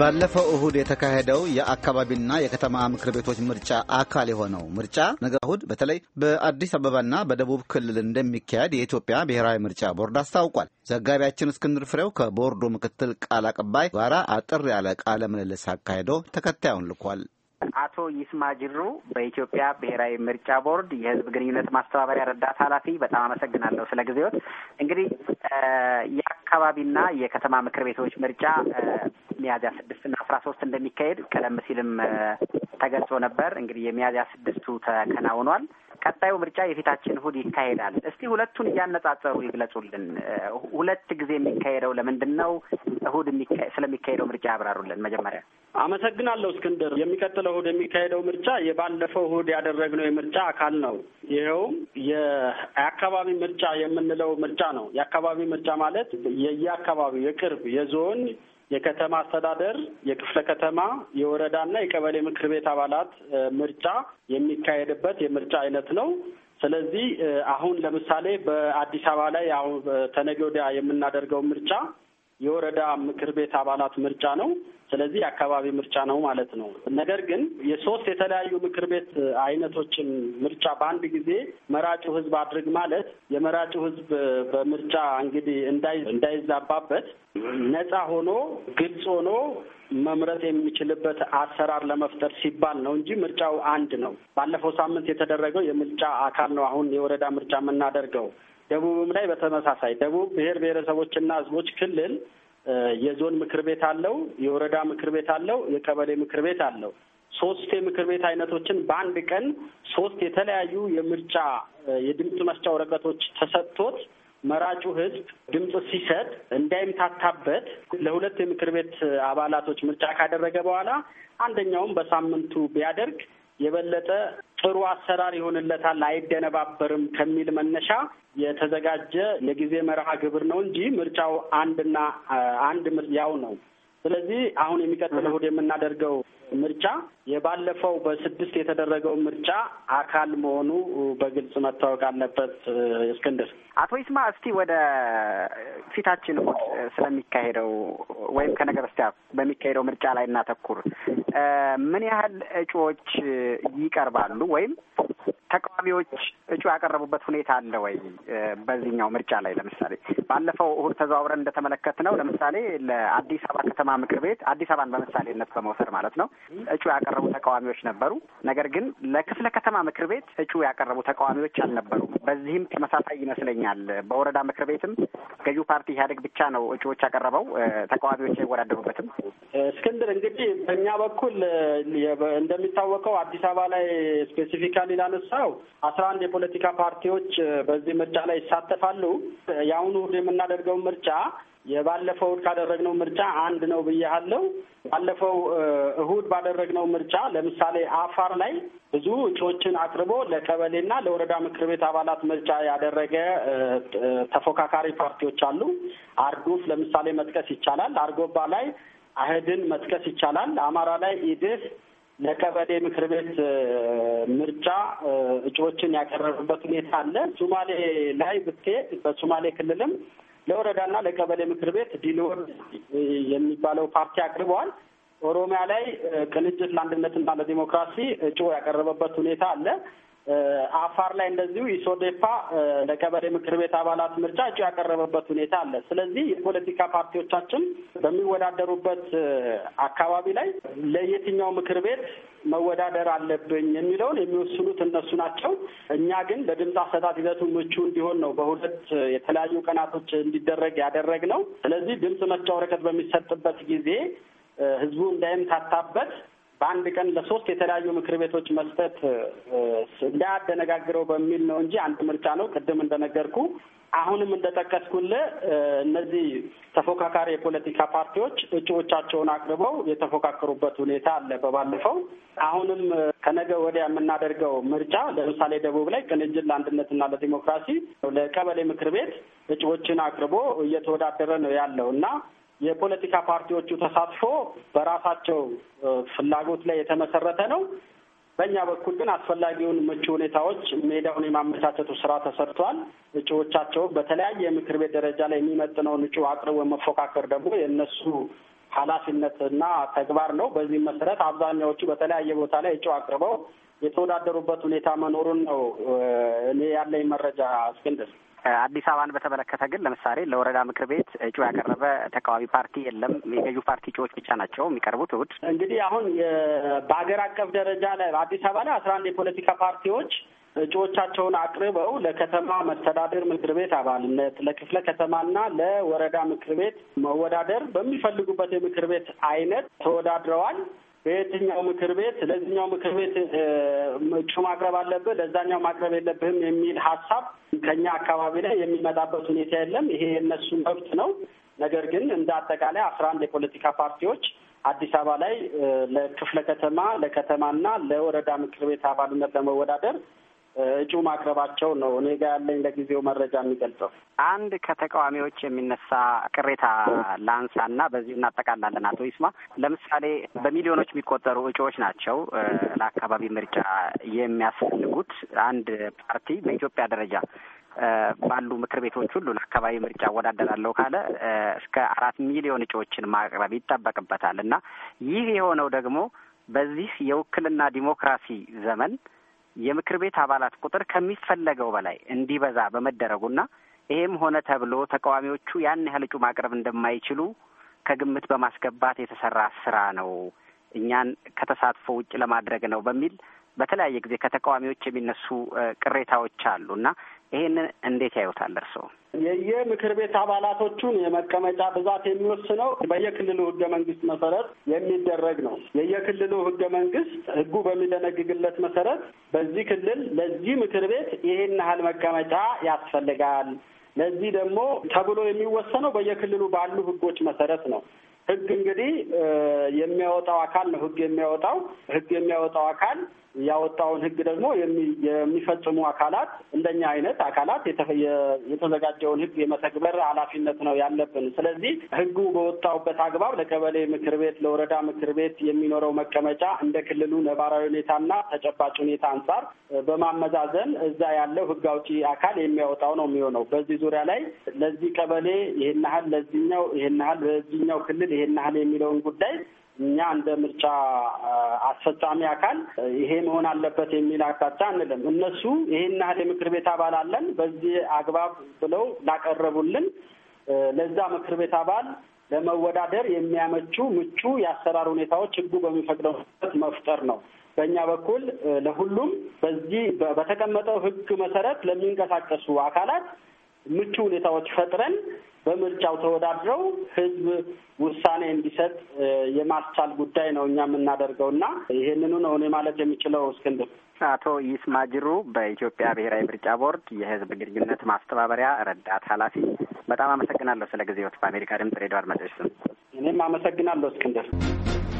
ባለፈው እሁድ የተካሄደው የአካባቢና የከተማ ምክር ቤቶች ምርጫ አካል የሆነው ምርጫ ነገ እሁድ በተለይ በአዲስ አበባና በደቡብ ክልል እንደሚካሄድ የኢትዮጵያ ብሔራዊ ምርጫ ቦርድ አስታውቋል። ዘጋቢያችን እስክንድር ፍሬው ከቦርዱ ምክትል ቃል አቀባይ ጋራ አጠር ያለ ቃለ ምልልስ አካሂዶ ተከታዩን ልኳል። አቶ ይስማ ጅሩ በኢትዮጵያ ብሔራዊ ምርጫ ቦርድ የህዝብ ግንኙነት ማስተባበሪያ ረዳት ኃላፊ፣ በጣም አመሰግናለሁ ስለ ጊዜዎት። እንግዲህ የአካባቢና የከተማ ምክር ቤቶች ምርጫ ሚያዝያ ስድስትና አስራ ሶስት እንደሚካሄድ ቀደም ሲልም ተገልጾ ነበር። እንግዲህ የሚያዝያ ስድስቱ ተከናውኗል። ቀጣዩ ምርጫ የፊታችን እሁድ ይካሄዳል። እስቲ ሁለቱን እያነጻጸሩ ይግለጹልን። ሁለት ጊዜ የሚካሄደው ለምንድን ነው? እሁድ ስለሚካሄደው ምርጫ ያብራሩልን መጀመሪያ አመሰግናለሁ እስክንድር። የሚቀጥለው እሁድ የሚካሄደው ምርጫ የባለፈው እሁድ ያደረግነው የምርጫ አካል ነው። ይኸውም የአካባቢ ምርጫ የምንለው ምርጫ ነው። የአካባቢ ምርጫ ማለት የየአካባቢው የቅርብ የዞን የከተማ አስተዳደር፣ የክፍለ ከተማ፣ የወረዳና የቀበሌ ምክር ቤት አባላት ምርጫ የሚካሄድበት የምርጫ አይነት ነው። ስለዚህ አሁን ለምሳሌ በአዲስ አበባ ላይ አሁን ተነገ ወዲያ የምናደርገው ምርጫ የወረዳ ምክር ቤት አባላት ምርጫ ነው። ስለዚህ የአካባቢ ምርጫ ነው ማለት ነው። ነገር ግን የሶስት የተለያዩ ምክር ቤት አይነቶችን ምርጫ በአንድ ጊዜ መራጩ ህዝብ አድርግ ማለት የመራጩ ህዝብ በምርጫ እንግዲህ እንዳይዛባበት ነጻ ሆኖ ግልጽ ሆኖ መምረጥ የሚችልበት አሰራር ለመፍጠር ሲባል ነው እንጂ ምርጫው አንድ ነው። ባለፈው ሳምንት የተደረገው የምርጫ አካል ነው። አሁን የወረዳ ምርጫ የምናደርገው ደቡብም ላይ በተመሳሳይ ደቡብ ብሔር ብሔረሰቦችና ህዝቦች ክልል የዞን ምክር ቤት አለው፣ የወረዳ ምክር ቤት አለው፣ የቀበሌ ምክር ቤት አለው። ሶስት የምክር ቤት አይነቶችን በአንድ ቀን ሶስት የተለያዩ የምርጫ የድምፅ መስጫ ወረቀቶች ተሰጥቶት መራጩ ህዝብ ድምፅ ሲሰጥ እንዳይምታታበት ለሁለት የምክር ቤት አባላቶች ምርጫ ካደረገ በኋላ አንደኛውም በሳምንቱ ቢያደርግ የበለጠ ጥሩ አሰራር ይሆንለታል፣ አይደነባበርም ከሚል መነሻ የተዘጋጀ የጊዜ መርሃ ግብር ነው እንጂ ምርጫው አንድና አንድ ያው ነው። ስለዚህ አሁን የሚቀጥለው እሑድ የምናደርገው ምርጫ የባለፈው በስድስት የተደረገው ምርጫ አካል መሆኑ በግልጽ መታወቅ አለበት። እስክንድር አቶ ይስማ እስቲ ወደ ፊታችን እሑድ ስለሚካሄደው ወይም ከነገ በስቲያ በሚካሄደው ምርጫ ላይ እናተኩር። ምን ያህል እጩዎች ይቀርባሉ ወይም ተቃዋሚዎች እጩ ያቀረቡበት ሁኔታ አለ ወይ? በዚህኛው ምርጫ ላይ ለምሳሌ ባለፈው እሁድ ተዘዋውረን እንደተመለከት ነው ለምሳሌ ለአዲስ አበባ ከተማ ምክር ቤት አዲስ አበባን በምሳሌነት በመውሰድ ማለት ነው እጩ ያቀረቡ ተቃዋሚዎች ነበሩ። ነገር ግን ለክፍለ ከተማ ምክር ቤት እጩ ያቀረቡ ተቃዋሚዎች አልነበሩም። በዚህም ተመሳሳይ ይመስለኛል። በወረዳ ምክር ቤትም ገዢው ፓርቲ ኢህአዴግ ብቻ ነው እጩዎች ያቀረበው፣ ተቃዋሚዎች አይወዳደሩበትም። እስክንድር እንግዲህ በእኛ በኩል እንደሚታወቀው አዲስ አበባ ላይ ስፔሲፊካሊ ላነሳ የተነሳው አስራ አንድ የፖለቲካ ፓርቲዎች በዚህ ምርጫ ላይ ይሳተፋሉ። የአሁኑ እሁድ የምናደርገው ምርጫ የባለፈው እሁድ ካደረግነው ምርጫ አንድ ነው ብያለሁ። ባለፈው እሁድ ባደረግነው ምርጫ ለምሳሌ አፋር ላይ ብዙ እጩዎችን አቅርቦ ለቀበሌና ለወረዳ ምክር ቤት አባላት ምርጫ ያደረገ ተፎካካሪ ፓርቲዎች አሉ። አርዱፍ ለምሳሌ መጥቀስ ይቻላል። አርጎባ ላይ አህድን መጥቀስ ይቻላል። አማራ ላይ ኢዴፍ ለቀበሌ ምክር ቤት ምርጫ እጩዎችን ያቀረበበት ሁኔታ አለ። ሶማሌ ላይ ብትሄድ በሶማሌ ክልልም ለወረዳና ለቀበሌ ምክር ቤት ዲልወር የሚባለው ፓርቲ አቅርበዋል። ኦሮሚያ ላይ ቅንጅት ለአንድነትና ለዲሞክራሲ እጩ ያቀረበበት ሁኔታ አለ። አፋር ላይ እንደዚሁ ኢሶዴፓ ለቀበሌ ምክር ቤት አባላት ምርጫ እጩ ያቀረበበት ሁኔታ አለ። ስለዚህ የፖለቲካ ፓርቲዎቻችን በሚወዳደሩበት አካባቢ ላይ ለየትኛው ምክር ቤት መወዳደር አለብኝ የሚለውን የሚወስኑት እነሱ ናቸው። እኛ ግን ለድምፅ አሰጣት ሂደቱ ምቹ እንዲሆን ነው በሁለት የተለያዩ ቀናቶች እንዲደረግ ያደረግ ነው። ስለዚህ ድምፅ መስጫ ወረቀት በሚሰጥበት ጊዜ ህዝቡ እንዳይምታታበት በአንድ ቀን ለሶስት የተለያዩ ምክር ቤቶች መስጠት እንዳያደነጋግረው በሚል ነው እንጂ አንድ ምርጫ ነው። ቅድም እንደነገርኩ አሁንም እንደጠቀስኩል እነዚህ ተፎካካሪ የፖለቲካ ፓርቲዎች እጩዎቻቸውን አቅርበው የተፎካከሩበት ሁኔታ አለ። በባለፈው አሁንም ከነገ ወዲያ የምናደርገው ምርጫ ለምሳሌ ደቡብ ላይ ቅንጅት ለአንድነትና ለዲሞክራሲ ለቀበሌ ምክር ቤት እጩዎችን አቅርቦ እየተወዳደረ ነው ያለው እና የፖለቲካ ፓርቲዎቹ ተሳትፎ በራሳቸው ፍላጎት ላይ የተመሰረተ ነው። በእኛ በኩል ግን አስፈላጊውን ምቹ ሁኔታዎች ሜዳውን የማመቻቸቱ ስራ ተሰርቷል። እጩዎቻቸው በተለያየ የምክር ቤት ደረጃ ላይ የሚመጥነውን እጩ አቅርቦ መፎካከር ደግሞ የእነሱ ኃላፊነትና ተግባር ነው። በዚህ መሰረት አብዛኛዎቹ በተለያየ ቦታ ላይ እጩ አቅርበው የተወዳደሩበት ሁኔታ መኖሩን ነው እኔ ያለኝ መረጃ እስክንድር። አዲስ አበባን በተመለከተ ግን ለምሳሌ ለወረዳ ምክር ቤት እጩ ያቀረበ ተቃዋሚ ፓርቲ የለም። የገዢ ፓርቲ እጩዎች ብቻ ናቸው የሚቀርቡት። እሑድ እንግዲህ አሁን በሀገር አቀፍ ደረጃ ላይ አዲስ አበባ ላይ አስራ አንድ የፖለቲካ ፓርቲዎች እጩዎቻቸውን አቅርበው ለከተማ መስተዳደር ምክር ቤት አባልነት ለክፍለ ከተማና ለወረዳ ምክር ቤት መወዳደር በሚፈልጉበት የምክር ቤት አይነት ተወዳድረዋል። በየትኛው ምክር ቤት ለዚኛው ምክር ቤት እጩ ማቅረብ አለብህ ለዛኛው ማቅረብ የለብህም የሚል ሀሳብ ከኛ አካባቢ ላይ የሚመጣበት ሁኔታ የለም። ይሄ የእነሱ መብት ነው። ነገር ግን እንደ አጠቃላይ አስራ አንድ የፖለቲካ ፓርቲዎች አዲስ አበባ ላይ ለክፍለ ከተማ ለከተማና ለወረዳ ምክር ቤት አባልነት ለመወዳደር እጩ ማቅረባቸው ነው እኔ ጋ ያለኝ ለጊዜው መረጃ የሚገልጸው። አንድ ከተቃዋሚዎች የሚነሳ ቅሬታ ላንሳና በዚሁ እናጠቃላለን። አቶ ይስማ፣ ለምሳሌ በሚሊዮኖች የሚቆጠሩ እጩዎች ናቸው ለአካባቢ ምርጫ የሚያስፈልጉት። አንድ ፓርቲ በኢትዮጵያ ደረጃ ባሉ ምክር ቤቶች ሁሉ ለአካባቢ ምርጫ እወዳደራለሁ ካለ እስከ አራት ሚሊዮን እጩዎችን ማቅረብ ይጠበቅበታል እና ይህ የሆነው ደግሞ በዚህ የውክልና ዲሞክራሲ ዘመን የምክር ቤት አባላት ቁጥር ከሚፈለገው በላይ እንዲበዛ በመደረጉና ይሄም ሆነ ተብሎ ተቃዋሚዎቹ ያን ያህል እጩ ማቅረብ እንደማይችሉ ከግምት በማስገባት የተሰራ ስራ ነው፣ እኛን ከተሳትፎ ውጭ ለማድረግ ነው በሚል በተለያየ ጊዜ ከተቃዋሚዎች የሚነሱ ቅሬታዎች አሉ እና ይሄንን እንዴት ያዩታል እርስዎ? የየምክር ቤት አባላቶቹን የመቀመጫ ብዛት የሚወስነው በየክልሉ ህገ መንግስት መሰረት የሚደረግ ነው። የየክልሉ ህገ መንግስት ህጉ በሚደነግግለት መሰረት በዚህ ክልል ለዚህ ምክር ቤት ይሄን ያህል መቀመጫ ያስፈልጋል፣ ለዚህ ደግሞ ተብሎ የሚወሰነው በየክልሉ ባሉ ህጎች መሰረት ነው። ህግ እንግዲህ የሚያወጣው አካል ነው። ህግ የሚያወጣው ህግ የሚያወጣው አካል ያወጣውን ህግ ደግሞ የሚፈጽሙ አካላት እንደኛ አይነት አካላት የተዘጋጀውን ህግ የመተግበር ኃላፊነት ነው ያለብን። ስለዚህ ህጉ በወጣውበት አግባብ ለቀበሌ ምክር ቤት፣ ለወረዳ ምክር ቤት የሚኖረው መቀመጫ እንደ ክልሉ ነባራዊ ሁኔታና ተጨባጭ ሁኔታ አንጻር በማመዛዘን እዛ ያለው ህግ አውጪ አካል የሚያወጣው ነው የሚሆነው። በዚህ ዙሪያ ላይ ለዚህ ቀበሌ ይህን ያህል፣ ለዚህኛው ይህን ያህል፣ በዚህኛው ክልል ይህን ያህል የሚለውን ጉዳይ እኛ እንደ ምርጫ አስፈጻሚ አካል ይሄ መሆን አለበት የሚል አቅጣጫ አንልም። እነሱ ይሄን ያህል የምክር ቤት አባል አለን በዚህ አግባብ ብለው ላቀረቡልን ለዛ ምክር ቤት አባል ለመወዳደር የሚያመቹ ምቹ የአሰራር ሁኔታዎች ህጉ በሚፈቅደው መፍጠር ነው። በእኛ በኩል ለሁሉም በዚህ በተቀመጠው ህግ መሰረት ለሚንቀሳቀሱ አካላት ምቹ ሁኔታዎች ፈጥረን በምርጫው ተወዳድረው ህዝብ ውሳኔ እንዲሰጥ የማስቻል ጉዳይ ነው እኛ የምናደርገው እና ይህንኑ ነው እኔ ማለት የሚችለው እስክንድር። አቶ ይስማጅሩ በኢትዮጵያ ብሔራዊ ምርጫ ቦርድ የህዝብ ግንኙነት ማስተባበሪያ ረዳት ኃላፊ፣ በጣም አመሰግናለሁ ስለ ጊዜዎት። በአሜሪካ ድምጽ ሬዲዮ አድማጮች ስም እኔም አመሰግናለሁ እስክንድር።